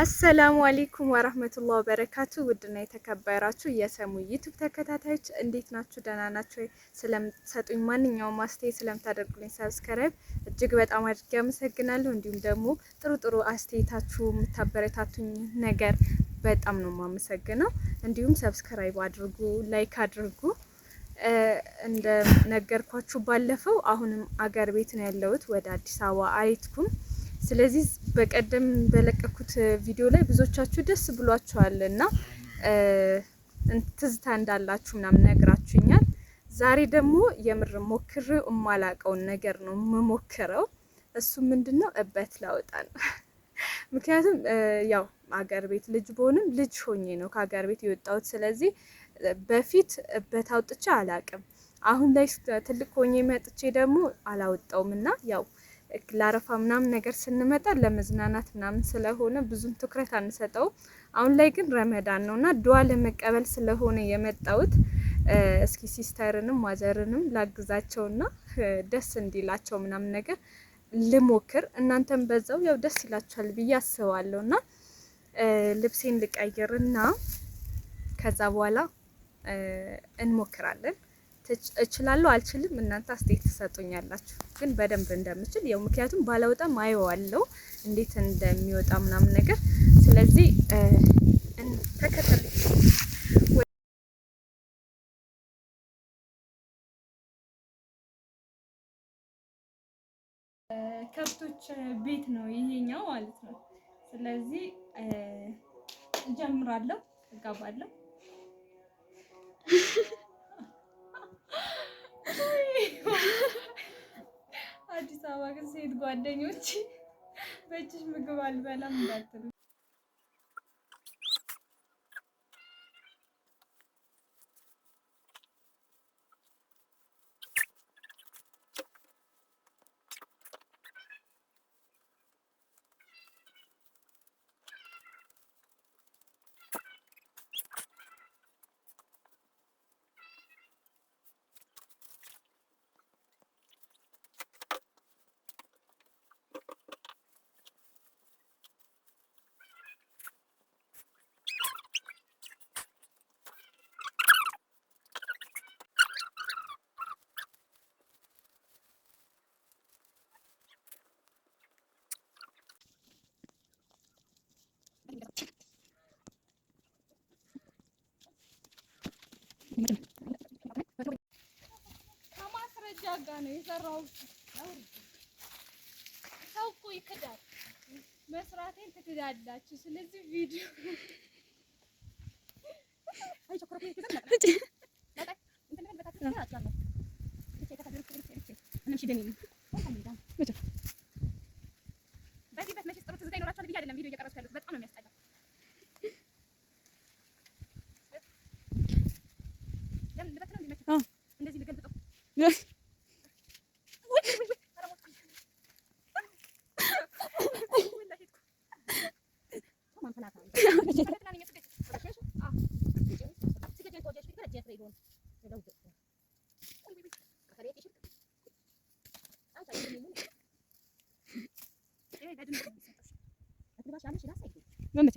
አሰላሙ አሌይኩም ወረህመቱላህ ወበረካቱ። ውድና የተከበራችሁ የሰሙ ዩቱብ ተከታታዮች እንዴት ናችሁ? ደህና ናችሁ? ስለምትሰጡኝ ማንኛውም አስተያየት ስለምታደርጉልኝ ሰብስክራይብ እጅግ በጣም አድርጌ አመሰግናለሁ። እንዲሁም ደግሞ ጥሩ ጥሩ አስተያየታችሁ የምታበረታቱኝ ነገር በጣም ነው የማመሰግነው። እንዲሁም ሰብስክራይብ አድርጉ፣ ላይክ አድርጉ። እንደነገርኳችሁ ባለፈው አሁንም አገር ቤት ነው ያለሁት፣ ወደ አዲስ አበባ አይትኩም ስለዚህ በቀደም በለቀኩት ቪዲዮ ላይ ብዙዎቻችሁ ደስ ብሏችኋል እና ትዝታ እንዳላችሁ ምናምን ነግራችሁኛል። ዛሬ ደግሞ የምር ሞክሬው የማላቀውን ነገር ነው የምሞክረው። እሱ ምንድን ነው እበት ላወጣ ነው። ምክንያቱም ያው አገር ቤት ልጅ በሆንም ልጅ ሆኜ ነው ከሀገር ቤት የወጣሁት። ስለዚህ በፊት እበት አውጥቼ አላቅም። አሁን ላይ ትልቅ ሆኜ መጥቼ ደግሞ አላወጣውም እና ያው ላረፋ ምናምን ነገር ስንመጣ ለመዝናናት ምናምን ስለሆነ ብዙም ትኩረት አንሰጠውም። አሁን ላይ ግን ረመዳን ነው እና ድዋ ለመቀበል ስለሆነ የመጣውት እስኪ ሲስተርንም ማዘርንም ላግዛቸውና ደስ እንዲላቸው ምናምን ነገር ልሞክር። እናንተም በዛው ያው ደስ ይላችኋል ብዬ አስባለሁ። እና ልብሴን ልቀይር እና ከዛ በኋላ እንሞክራለን። እችላለሁ አልችልም፣ እናንተ አስተያየት ትሰጡኛላችሁ። ግን በደንብ እንደምችል ያው ምክንያቱም ባለወጣም አየዋለሁ እንዴት እንደሚወጣ ምናምን ነገር ስለዚህ ተከተል ከብቶች ቤት ነው ይሄኛው ማለት ነው። ስለዚህ እጀምራለሁ፣ እጋባለሁ። አዲስ አበባ ግን ሴት ጓደኞች በእጅሽ ምግብ አልበላም እንዳትሉ ከማስረጃ ጋር ነው የሰራሁት። ሰው እኮ ይክዳል። መስራቴን ትክዳላችሁ። ስለዚህ ቪዲዮ በዚህ በት መቼስ ጥሩ ትዝታ ይኖራችኋል ብዬ አይደለም ቪዲዮ እየቀረጽኩ ያለሁት በጣም ነው የሚያስጠላው። ምን መቼ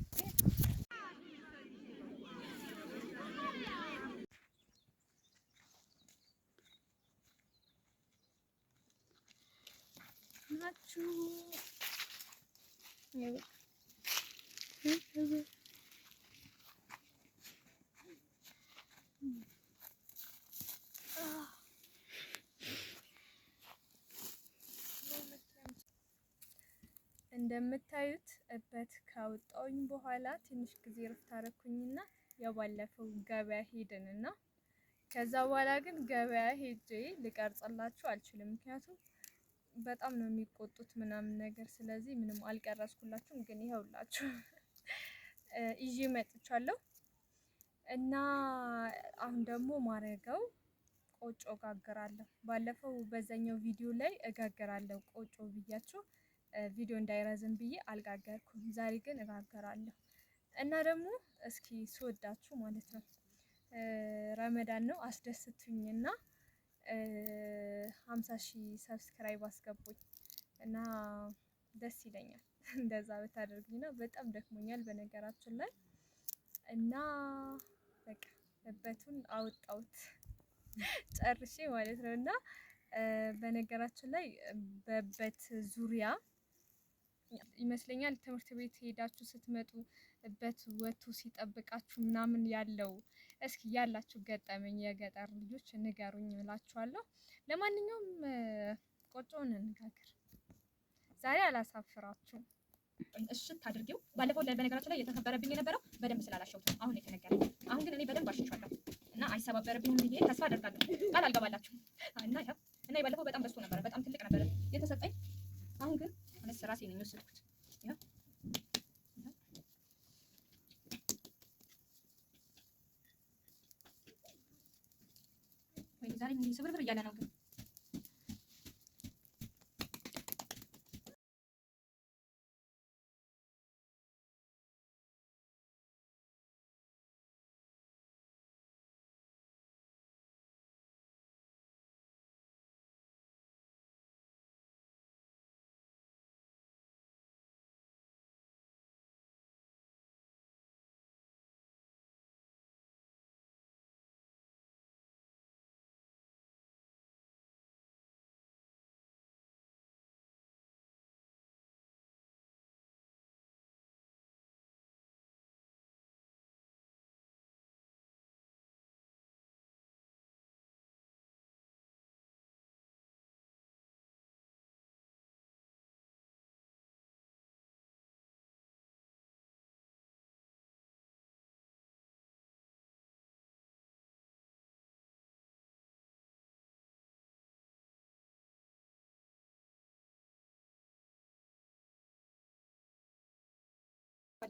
ናችሁ? እንደምታዩት እበት ካወጣውኝ በኋላ ትንሽ ጊዜ ረፍት አረኩኝና የባለፈው ገበያ ሄድንና ከዛ በኋላ ግን ገበያ ሄጄ ልቀርጽላችሁ አልችልም፣ ምክንያቱም በጣም ነው የሚቆጡት ምናምን ነገር። ስለዚህ ምንም አልቀረስኩላችሁም፣ ግን ይኸውላችሁ ይዤ መጥቻለሁ እና አሁን ደግሞ ማረገው ቆጮ እጋግራለሁ። ባለፈው በዛኛው ቪዲዮ ላይ እጋግራለሁ ቆጮ ብያችሁ ቪዲዮ እንዳይረዝም ብዬ አልጋገርኩም። ዛሬ ግን እጋግራለሁ እና ደግሞ እስኪ ስወዳችሁ ማለት ነው ረመዳን ነው አስደስቱኝና ሀምሳ ሺህ ሰብስክራይብ አስገቡኝ እና ደስ ይለኛል እንደዛ ብታደርጉኝና በጣም ደክሞኛል በነገራችን ላይ እና በቃ እበቱን አወጣሁት ጨርሼ ማለት ነው እና በነገራችን ላይ በበት ዙሪያ ይመስለኛል ትምህርት ቤት ሄዳችሁ ስትመጡበት ወጥቶ ሲጠብቃችሁ ምናምን ያለው እስኪ ያላችሁ ገጠመኝ የገጠር ልጆች ንገሩኝ እላችኋለሁ። ለማንኛውም ቆጮውን እንጋግር። ዛሬ አላሳፍራችሁም። እሽት አድርጌው ባለፈው በነገራችን ላይ የተከበረብኝ የነበረው በደንብ ስላላሸሁት አሁን የተነገረ አሁን ግን እኔ በደንብ አሸቸዋለሁ እና አይሰባበርብኝ ብዬ ተስፋ አደርጋለሁ። ቃል አልገባላችሁም y sobre, pero ya la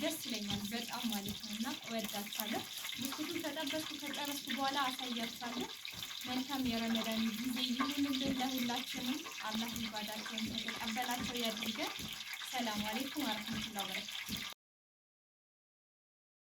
ደስ ይለኛል በጣም ማለት ነው። እና እወዳችኋለሁ። ብስኩቱን ከጠበስኩ ከጨረስኩ በኋላ አሳያችኋለሁ። መልካም የረመዳን ጊዜ ይሁን ለሁላችንም። አላህ ይባዳቸውን ተቀበላቸው ያድርገን። ሰላም አለይኩም ወረሕመቱላሂ ወበረካቱህ